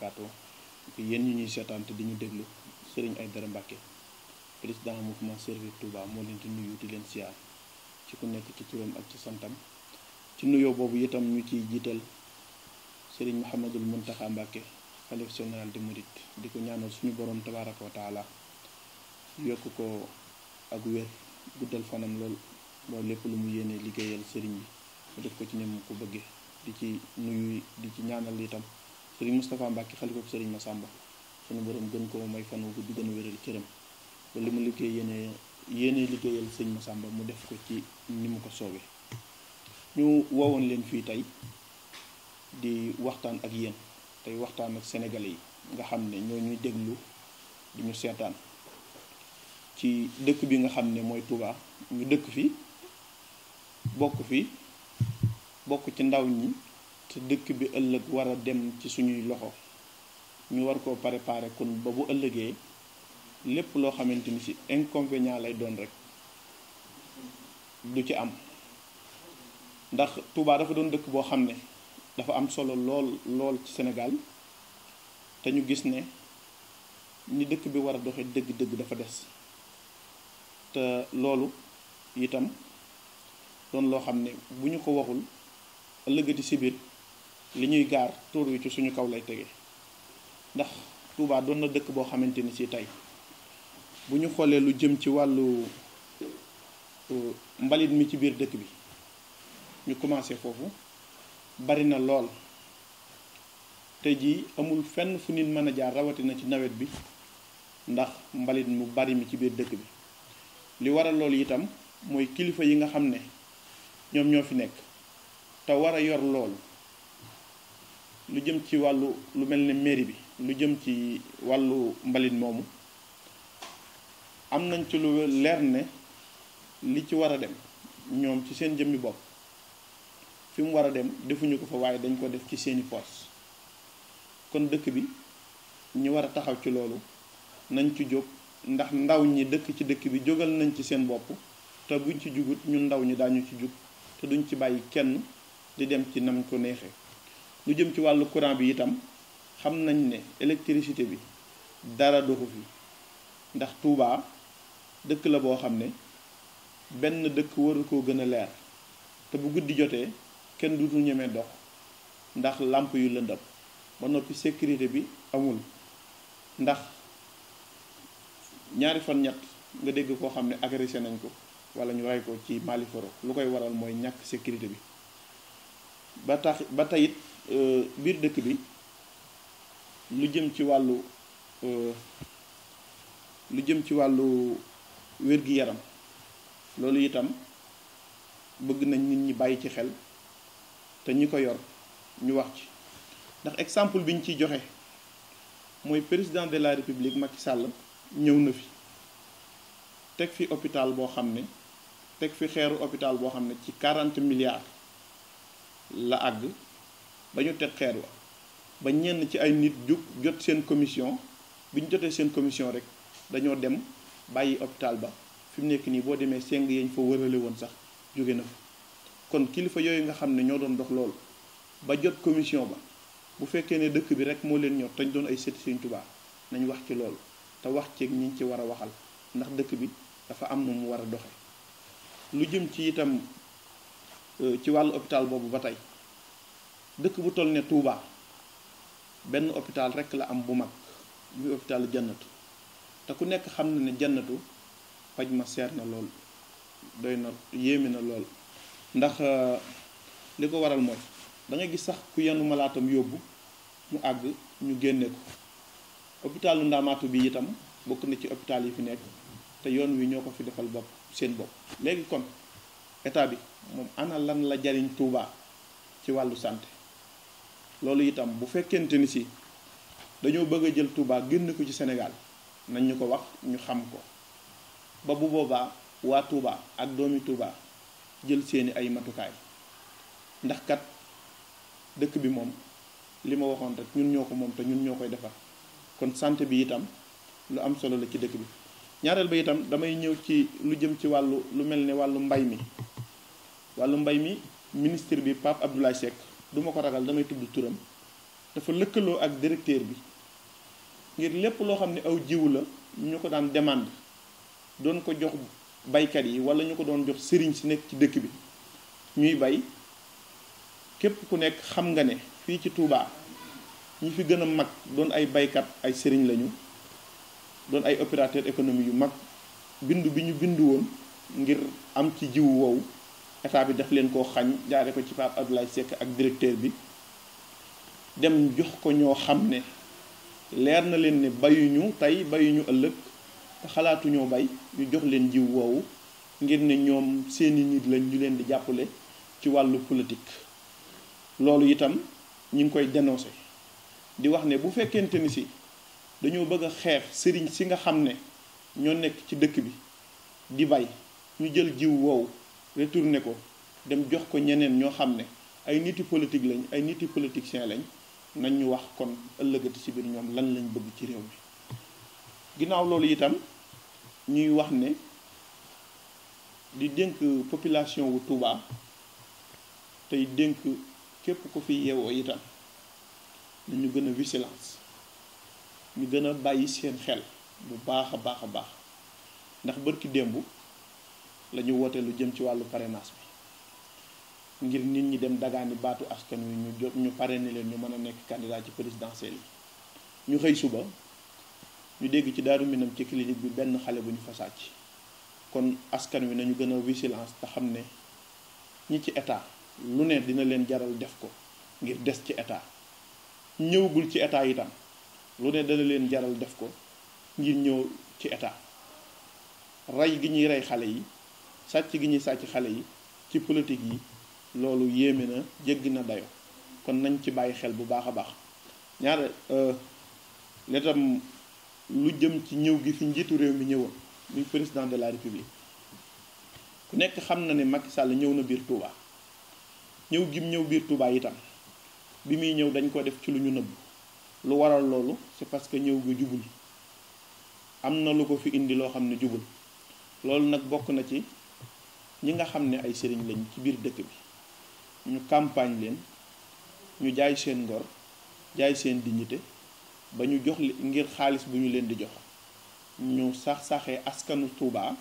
Kato ak yéen ñu ñuy seetaan te di ñu déglu sëriñ ay Aïdara Mbacke président mouvement Servir Touba moo leen di nuyu di leen siyaar ci ku nekk ci turam ak ci santam ci nuyoo boobu itam ñu ciy jiital sëriñ Mouhamadul Mountakha Mbacke xalif général di murit di ko ñaanal suñu boroom tabaraka wa taala yokk ko ak wér guddal fanam lool loolu lépp lu mu yéene liggéeyal sëriñ yi mu def ko ci ne mu ko bëggee di ci nuyu di ci ñaanal itam sëriñ Moustapha Mbacke xalifa sëriñ Massamba suñu borom gën koo mooy fan wu gudd gën a wéral cëram ba li ma liggéey yéene yéene liggéeyal sëriñ Massamba mu def ko ci ni mu ko soobee ñu wowoon leen fii tey di waxtaan ak yéen tey waxtaan ak sénégalais yi nga xam ne ñoo ñuy déglu di ñu seetaan ci dëkk bi nga xam ne mooy Touba ñu dëkk fi bokk fi bokk ci ndaw ñi te dëkk bi ëllëg war a dem ci suñuy loxo ñu war koo préparer kon ba bu ëllëgee lépp loo xamante ni ci inconvénient lay doon rek du ci am ndax Touba dafa doon dëkk boo xam ne dafa am solo lool lool ci Sénégal te ñu gis ne ni dëkk bi war a doxe dëgg-dëgg dafa des te loolu itam doon loo xam ne bu ñu ko waxul ëllëgati si biir li ñuy gaar tuur wi ci suñu kaw lay tege ndax Touba doon na dëkk boo xamante ni si tey bu ñu xoolee lu jëm ci wàllu euh, mbalit mi ci biir dëkk bi ñu commencé foofu bari na lool te ji amul fenn fu nit mën a jaar rawatina ci nawet bi ndax mbalit mu bari mi ci biir dëkk bi li waral loolu itam mooy kilifa yi nga xam ne ñoom ñoo fi nekk te war a yor loolu lu jëm ci wàllu lu mel ni mairie bi lu jëm ci wàllu mbalit moomu am nañ ci lu leer ne li ci war a dem ñoom ci seen jëmmi bopp fi mu war a dem defuñu ko fa waaye dañ ko def ci seeni force kon dëkk bi ñu war a taxaw ci loolu nañ ci jóg ndax ndaw ñi dëkk ci dëkk bi jógal nañ ci seen bopp te buñ ci jugut ñun ndaw ñi daañu ci jug te duñ ci bàyyi kenn di dem ci nam ko neexee lu jëm ci wàllu courant bi itam xam nañ ne électricité bi dara doxu fi ndax Touba dëkk la boo xam ne benn dëkk waru koo gën a leer te bu guddi jotee kenn dutul ñemee dox ndax làmp yu lëndëm ba noppi sécurité bi amul ndax ñaari fan ñett nga dégg koo xam ne agressé nañ ko wala ñu rey ko ci Maliforo lu koy waral mooy ñàkk sécurité bi ba tax ba tey Euh, biir dëkk bi lu jëm ci wàllu euh, lu jëm ci wàllu wér-gi-yaram loolu itam bëgg nañ nit ñi bàyyi ci xel te ñi ko yor ñu wax ci ndax exemple bi ñu ciy joxe mooy président de la république Macky sàll ñëw na fi teg fi hôpital boo xam ne teg fi xeeru hôpital boo xam ne ci 40 milliards la àgg ba ñu teg xeer wa ba ñenn ci ay nit jug jot seen commission bi ñu jotee seen commission rek dañoo dem bàyyi hôpital ba fi mu nekk nii boo demee seng yañ fa wërale woon sax jóge na fa kon kilifa yooyu nga xam ne ñoo doon dox loolu ba jot commission ba bu fekkee ne dëkk bi rek moo leen ñor tañ doon ay sëti Sëriñ Tuubaa nañ wax ci loolu te wax ceeg ñi ci war a waxal ndax dëkk bi dafa am nu mu war a doxe lu jëm ci itam euh, ci wàllu hôpital boobu ba tey dëkk bu toll ne Touba benn hôpital rek la am bu mag muy hôpitalu janatu te ku nekk xam na ne jannatu paj ma seer na lool doy na yéeme na lool ndax euh, li ko waral mooy da gis sax ku yenu malaatam yóbbu mu àgg ñu génne ko hôpitalu ndaamaatu bi itam bokk na ci hôpital yi fi nekk te yoon wi ñoo ko fi defal bopp seen bopp léegi kon état bi moom ana lan la jariñ Touba ci wàllu santé loolu itam bu fekkente ni si dañoo bëgg a jël Touba génn ko ci Sénégal nañ ñu ko wax ñu xam ko ba bu boobaa waa Touba ak doomi Touba jël seeni ay matukaay ndax kat dëkk bi moom li ma waxoon rek ñun ñoo ko moom te ñun ñoo koy defar kon sant bi itam lu am solo la ci dëkk bi ñaareel ba itam damay ñëw ci lu jëm ci wàllu lu mel ni wàllu mbay mi wàllu mbay mi ministre bi Pape Abdoulaye Seck du ma ko ragal damay tudd turam dafa lëkkaloo ak directeur bi ngir lépp loo xam ni aw jiw la ñu ko daan demand doon ko jox baykat yi wala ñu ko doon jox sëriñ si nekk ci dëkk bi ñuy bay képp ku nekk xam nga ne fii ci tuubaa ñi fi gën a mag doon ay baykat ay sëriñ lañu doon ay opérateur économique yu mag bindu bi ñu bindu woon ngir am ci jiw woowu état bi daf leen koo xañ jaare ko ci Pape Abdoulaye Seck ak directeur bi dem jox ko ñoo xam ne leer na leen ne bayuñu tey bayuñu ëllëg te xalaatuñoo bay ñu jox leen jiw woowu ngir ne ñoom seeni nit lañ ñu leen di jàppale ci wàllu politique loolu itam ñu ngi koy dénoncé di wax ne bu fekkente ni si dañoo bëgg a xeex sëriñ si nga xam ne ñoo nekk ci dëkk bi di bay ñu jël jiw woowu retourné ko dem jox ko ñeneen ñoo xam ne ay niti politique lañ ay niti politiciens lañ nañ ñu wax kon ëllëgati si biir ñoom lan lañ bëgg ci réew mi ginnaaw loolu itam ñuy wax ne di dénk population wu Touba tey dénk képp ku fi yeewoo itam nañu gën a vigilance ñu gën a bàyyi seen xel bu baax a baax a baax ndax bërki démb lañu ñu lu jëm ci wàllu parrainage bi ngir nit ñi dem dagaani baatu askan wi ñu jot ñu parrainé leen ñu mën a nekk candidat ci présidentielle yi ñu xëy suba ñu dégg ci daaru minam ci clinique bi benn xale bu ñu fa sàcc kon askan wi nañu gën a vigilance te xam ne ñi ci état lu ne dina leen jaral def ko ngir des ci état ñëwagul ci yi tam lu ne dana leen jaral def ko ngir ñëw ci état rey gi ñuy rey xale yi sàcc gi ñu sàcc xale yi ci politique yi loolu yéeme na jéggi na dayo kon nañ ci bàyyi xel bu baax a baax ñaare letam euh, lu jëm ci ñëw gi fi njiitu réew mi ñëwoon muy président de la république ku nekk xam na ne mag sàll ñëw na biir Touba ñëw gim ñëw biir Touba itam bi muy ñëw dañ ko def ci lu ñu nëbb lu waral loolu c'est parce que ñëw gi jubul am na lu ko fi indi loo xam ne jubul loolu nag bokk na ci ñi nga xam ne ay sëriñ lañ ci biir dëkk bi ñu campagne leen ñu jaay seen ngor jaay seen dignité ba ñu jox ngir xaalis bu ñu leen di jox ñu sax saxe askanu tuuba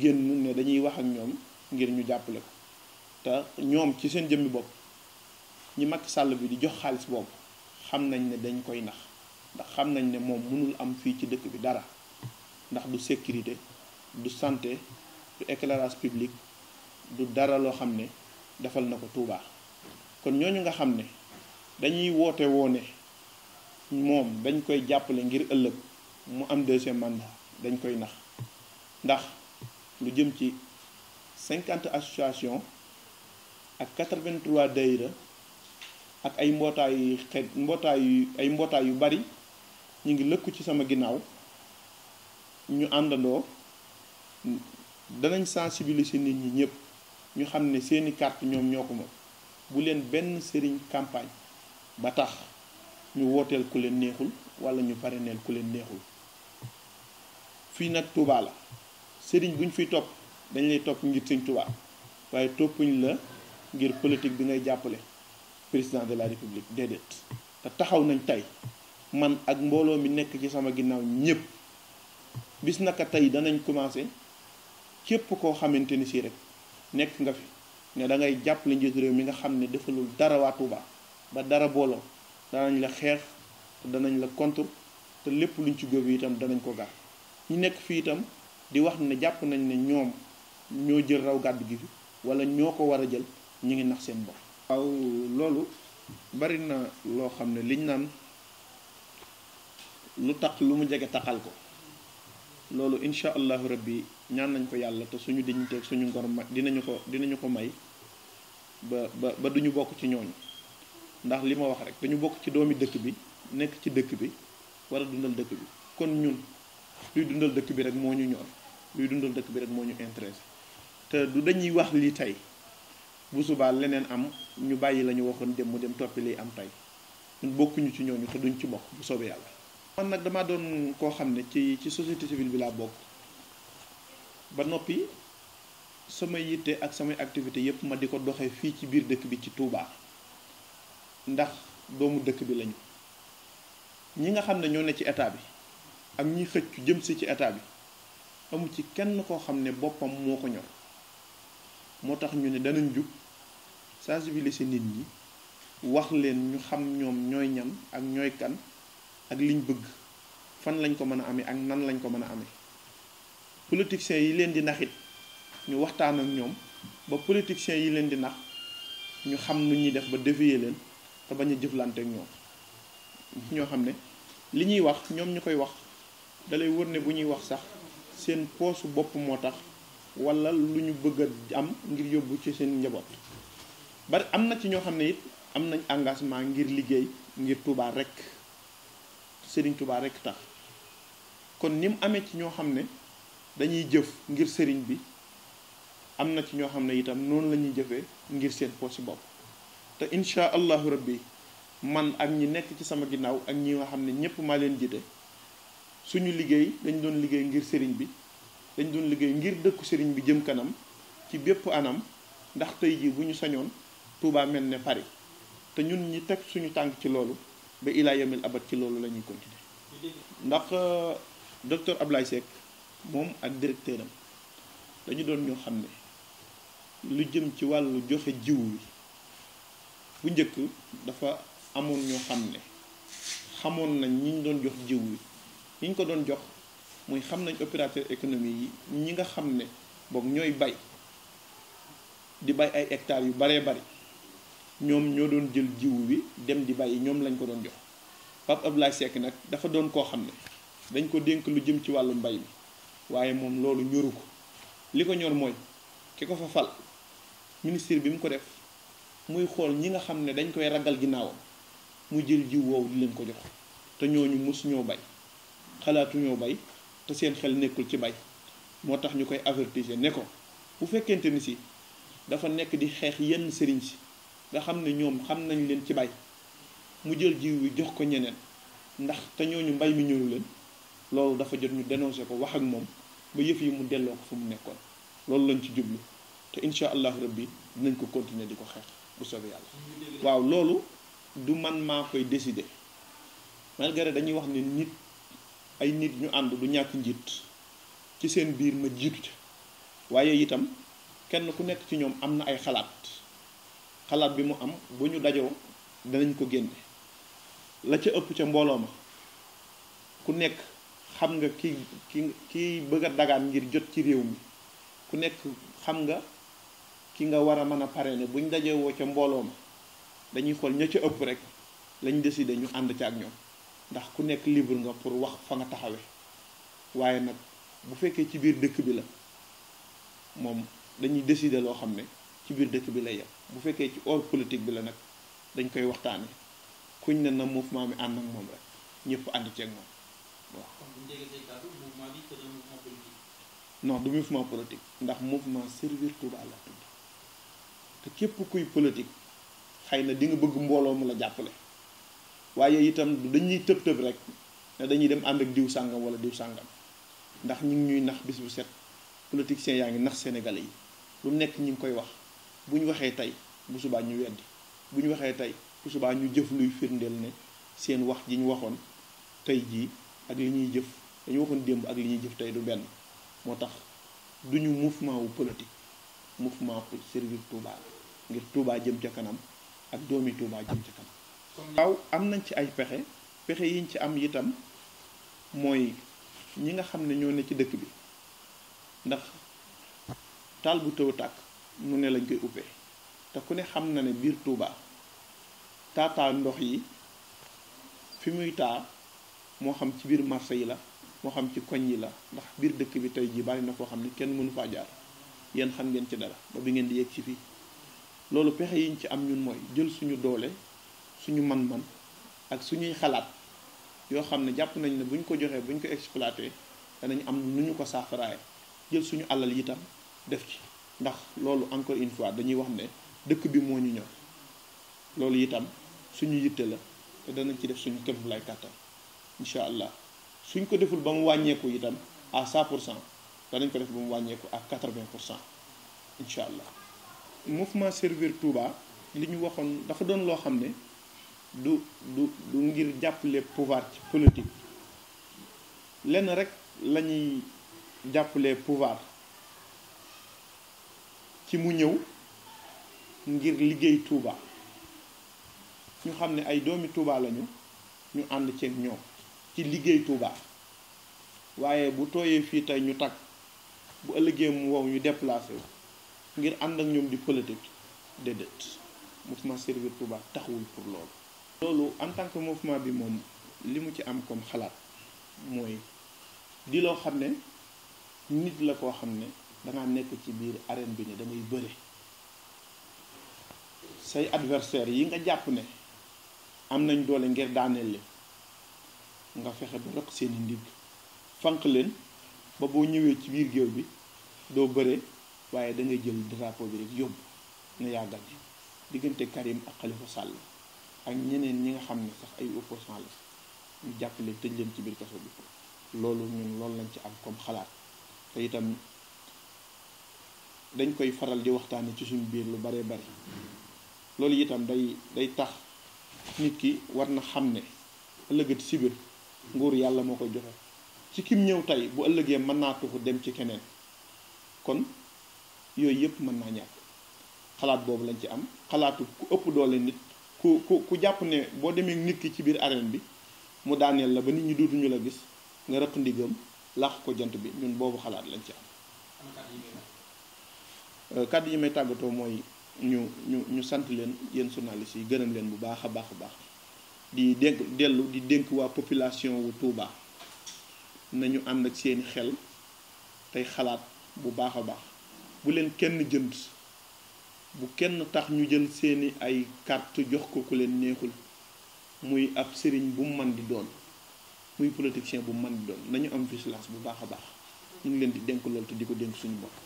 génn ne dañuy wax ak ñoom ngir ñu jàppale ko te ñoom ci seen jëmmi bopp ñi mag sàll bi di jox xaalis boobu xam nañ ne dañ koy nax ndax xam nañ ne moom mënul am fii ci dëkk bi dara ndax du sécurité du santé du éclairage public du dara loo xam ne defal na ko Touba kon ñooñu nga xam ne dañuy woote woone moom dañ koy jàppale ngir ëllëg mu am deuxième mandat dañ koy nax ndax lu jëm ci cinquante association ak quatre-vingt-trois daayira ak ay mbootaay yu xeet ay mbootaay yu bari ñu ngi lëkku ci sama ginnaaw ñu àndandoo danañ sensibiliser nit ñi ñëpp ñu xam ne seeni carte ñoom ñoo ko moom bu leen benn sëriñ campagne ba tax ñu wooteel ku leen neexul wala ñu parraineel ku leen neexul fii nag Touba la sëriñ buñ fiy topp dañ lay topp ngir sëñ Touba waaye toppuñ la ngir politique bi ngay jàppale président de la république déedéet te taxaw nañ tey man ak mbooloo mi nekk ci sama ginnaaw ñëpp bis naka tey danañ commencé képp koo xamante ni si rek nekk nga fi ne da ngay jàppale njiitu mi nga xam ne defalul dara waa Touba ba dara booloo danañ la xeex danañ la contre te lépp lu luñ ci góob itam danañ ko gar ñu nekk fii itam di wax ne jàpp nañ ne ñoom ñoo jël raw gàddu gi fi wala ñoo ko war a jël ñu ngi nax seen bopp. waaw loolu bari na loo xam ne liñ naan lu tax lu mu jege taxal ko loolu incha allahu rabbi ñaan nañ ko yàlla te suñu dignité suñu ngor ma dinañu ko dinañu ko may ba ba duñu bokk ci ñooñu ndax li ma wax rek dañu bokk ci doomi dëkk bi nekk ci dëkk bi war a dundal dëkk bi kon ñun luy dundal dëkk bi rek moo ñu ñor luy dundal dëkk bi rek moo ñu intéressé te du dañuy wax lii tey bu subaa leneen am ñu bàyyi la ñu waxoon dem mu dem toppi lii am tey ñun bokkuñu ci ñooñu te duñ ci bokk bu soobee yàlla. man nag dama doon koo xam ne ci ci société civile bi laa bokk. ba noppi samay yitte ak samay activité yépp ma di ko doxee fii ci biir dëkk bi ci Touba ndax doomu dëkk bi lañu ñi nga xam ne ñoo ne ci état bi ak ñi xëccu jëm si ci état bi amu ci kenn koo xam ne boppam moo ko ñor moo tax ñu ne danañ jug si nit ñi wax leen ñu xam ñoom ñooy ñan ak ñooy kan ak liñ bëgg fan lañ ko mën a amee ak nan lañ ko mën a amee politiciens yi leen di naxit ñu waxtaan ak ñoom ba politiciens yi leen di nax ñu xam nu ñuy def ba dévier leen te bañ a jëflante ak ñoom ñoo xam ne li ñuy wax ñoom ñu koy wax dalay wër ne bu ñuy wax sax seen poosu bopp moo tax walla lu ñu bëgg a am ngir yóbbu ci seen njaboot bari am na ci ñoo xam ne it am nañ engagement ngir liggéey ngir Touba rek Serigne Touba rek tax kon ni mu amee ci ñoo xam ne dañuy jëf ngir sëriñ bi am na ci ñoo xam ne itam noonu la ñuy jëfee ngir seen poche bopp te incha allahu rabbi man ak ñi nekk ci sama ginnaaw ak ñi xam ne ñëpp maa leen jiite suñu liggéey dañ doon liggéey ngir sëriñ bi dañ doon liggéey ngir dëkku sëriñ bi jëm kanam ci bépp anam ndax tey jii bu ñu sañoon Touba mel ne Paris te ñun ñi teg suñu tànk ci loolu ba ilaa yamil abat ci loolu la ñuy continuer ndax euh, docteur Ablaye Seck moom ak directeur am dañu doon ñoo xam ne lu jëm ci wàllu joxe jiw wi bu njëkk dafa amoon ñoo xam ne xamoon nañ ñi ñu doon jox jiw wi ñi ñu ko doon jox muy xam nañ opérateur économie yi ñi nga xam ne boog ñooy bay di bay ay hectares yu baree bari ñoom ñoo doon jël jiw wi dem di bay yi ñoom lañ ko doon jox Pape Abdoulaye Seck nag dafa doon koo xam ne dañ ko dénk lu jëm ci wàllu mbay mi waaye moom loolu ñoru ko li ko ñor mooy ki ko fa fal ministre bi mu ko def muy xool ñi nga xam ne dañ koy ragal ginnaawam mu jël jiw woowu di leen ko jox te ñooñu mos ñoo bay xalaatu bay te seen xel nekkul ci bay moo tax ñu koy avertiser ne ko bu fekkente ni si dafa nekk di xeex yenn sëriñ si nga xam ne ñoom xam nañ leen ci bay mu jël jiw wi jox ko ñeneen ndax te ñooñu mbay mi ñëru leen loolu dafa jot ñu dénoncé ko wax ak moom ba yëf yi mu delloo ko fu mu nekkoon loolu lañ ci jublu te incha allahu rabbi dinañ ko continuer di ko xeex bu soobee yàlla. waaw loolu du man maa koy décider malgré dañuy wax ne nit ay nit ñu ànd du ñàkk njiit ci seen biir ma jiitu ca waaye itam kenn ku nekk ci ñoom am na ay xalaat xalaat bi mu am bu ñu dajoo danañ ko génne la ca ëpp ca mbooloo ma ku nekk. xam nga ki ki kiy bëgg a dagaan ngir jot ci réew mi ku nekk xam nga ki nga war a mën a parrainer buñ dajee woo ca mbooloo ma dañuy xool ña ca ëpp rek lañ décider ñu ànd ca ak ñoom ndax ku nekk libre nga pour wax fa nga taxawe waaye nag bu fekkee ci biir dëkk bi la moom dañuy décider loo xam ne ci biir dëkk bi lay yem bu fekkee ci hors politique bi la nag dañ koy waxtaanee kuñ ne na mouvement mi ànd ak moom rek ñëpp ànd ceeg moom. non du mouvement politique ndax mouvement servir Touba la tudd te képp kuy politique xëy na di nga bëgg mbooloo mu la jàppale waaye itam dañuy tëb tëb rek ne dañuy dem ànd ak diw sàngam wala diw sàngam ndax ñu ngi ñuy nax bisu bu set politiciens yaa ngi nax sénégalais yi lu nekk ñu ngi koy wax bu ñu waxee tey bu subaa ñu weddi bu ñu waxee tey bu subaa ñu jëf luy firndeel ne seen wax ji ñu waxoon tey jii ak li ñuy jëf dañu waxoon démb ak li ñuy jëf tey du benn moo tax duñu mouvement wu politique mouvement pour servir Touba ngir tuubaa jëm ca kanam ak doomi Touba jëm ca kanam. waaw am nañ ci ay pexe pexe yiñ ci am itam mooy ñi nga xam ne ñoo ne ci dëkk bi ndax taal bu tëw tàkk mu ne lañ koy uppee te ku ne xam na ne biir tuubaa taataa ndox yi fi muy taa. moo xam ci biir marché yi la moo xam ci koñ yi la ndax biir dëkk bi tey jii bari na koo xam ne kenn mënu faa jaar yéen xam ngeen ci dara ba bi ngeen di yegg ci fii loolu pexe yiñ ci am ñun mooy jël suñu doole suñu man-man ak suñuy xalaat yoo xam ne jàpp nañ ne buñ ko joxee buñ ko exploité danañ am nu ñu ko saafaraay jël suñu alal itam def ci ndax loolu encore une fois dañuy wax ne dëkk bi moo ñu ñor loolu itam suñu yitte la te danañ ci def suñu kéem lay kàttan incha allah suñ ko deful ba mu wàññeeku itam à 100 pour cent danañ ko def ba mu wàññeeku à 80 pour cent incha allah. mouvement servir Touba li ñu waxoon dafa doon loo xam ne du du du ngir jàppale pouvoir ci politique lenn rek la ñuy jàppale pouvoir ci mu ñëw ngir liggéey tuuba ñu xam ne ay doomi Touba lañu ñu ànd ceeg ñoom. ci liggéey Touba waaye bu tooyee fii tey ñu takk bu ëllëgee mu wow ñu déplacé ngir ànd ak ñoom di politique déedéet mouvement servir Touba taxawul pour loolu. loolu en tant que bi moom li mu ci am comme xalaat mooy di loo xam ne nit la koo xam ne dangaa nekk ci biir arène bi ne da ngay bëre say adversaire yi nga jàpp ne am nañ doole ngir daaneel nga fexe ba rëq seeni ndigg fànq leen ba boo ñëwee ci biir géew bi doo bëree waaye dangay ngay jël drapeau bi rek yóbbu ne yaa gagné diggante Karim ak Khalifa Sall ak ñeneen ñi nga xam ne sax ay opposants la jàpp leen tëj leen ci biir kaso bi loolu ñun loolu lañ ci am comme xalaat te itam dañ koy faral di waxtaane ci suñu biir lu baree bari loolu itam day day tax nit ki war na xam ne ëllëgat si nguur yàlla moo koy joxe ci kim ñëw tey bu ëllëgee mën naa tuxu dem ci keneen kon yooyu yëpp mën naa ñàkk xalaat boobu lañ ci am xalaatu ku ëpp doole nit ku ku ku jàpp ne boo demee nit ki ci biir arène bi mu daaneel la ba nit ñi dootuñu la gis nga rëq ndigam laax ko jant bi ñun boobu xalaat lañ ci am. Euh, kàddu yi may tàggatoo mooy ñu ñu ñu sant leen yéen journalistes yi gërëm leen bu baax a baax a baax. di dénk dellu di dénk waa population wu Touba nañu ànd ak seeni xel tey xalaat bu baax a baax bu leen kenn jënd bu kenn tax ñu jël seeni ay carte jox ko ku leen neexul muy ab sëriñ bu mu man di doon muy politicien bu man di doon nañu am vigilance bu baax a baax ñu ngi leen di dénk loolu te di ko dénk suñu bopp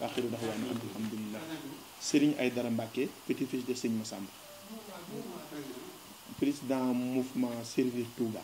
waaxiru dax waa na alhamdulilah sëriñ Aydara Mbàkke petit-fils de sëñ Massamba président mouvement Servir Touba.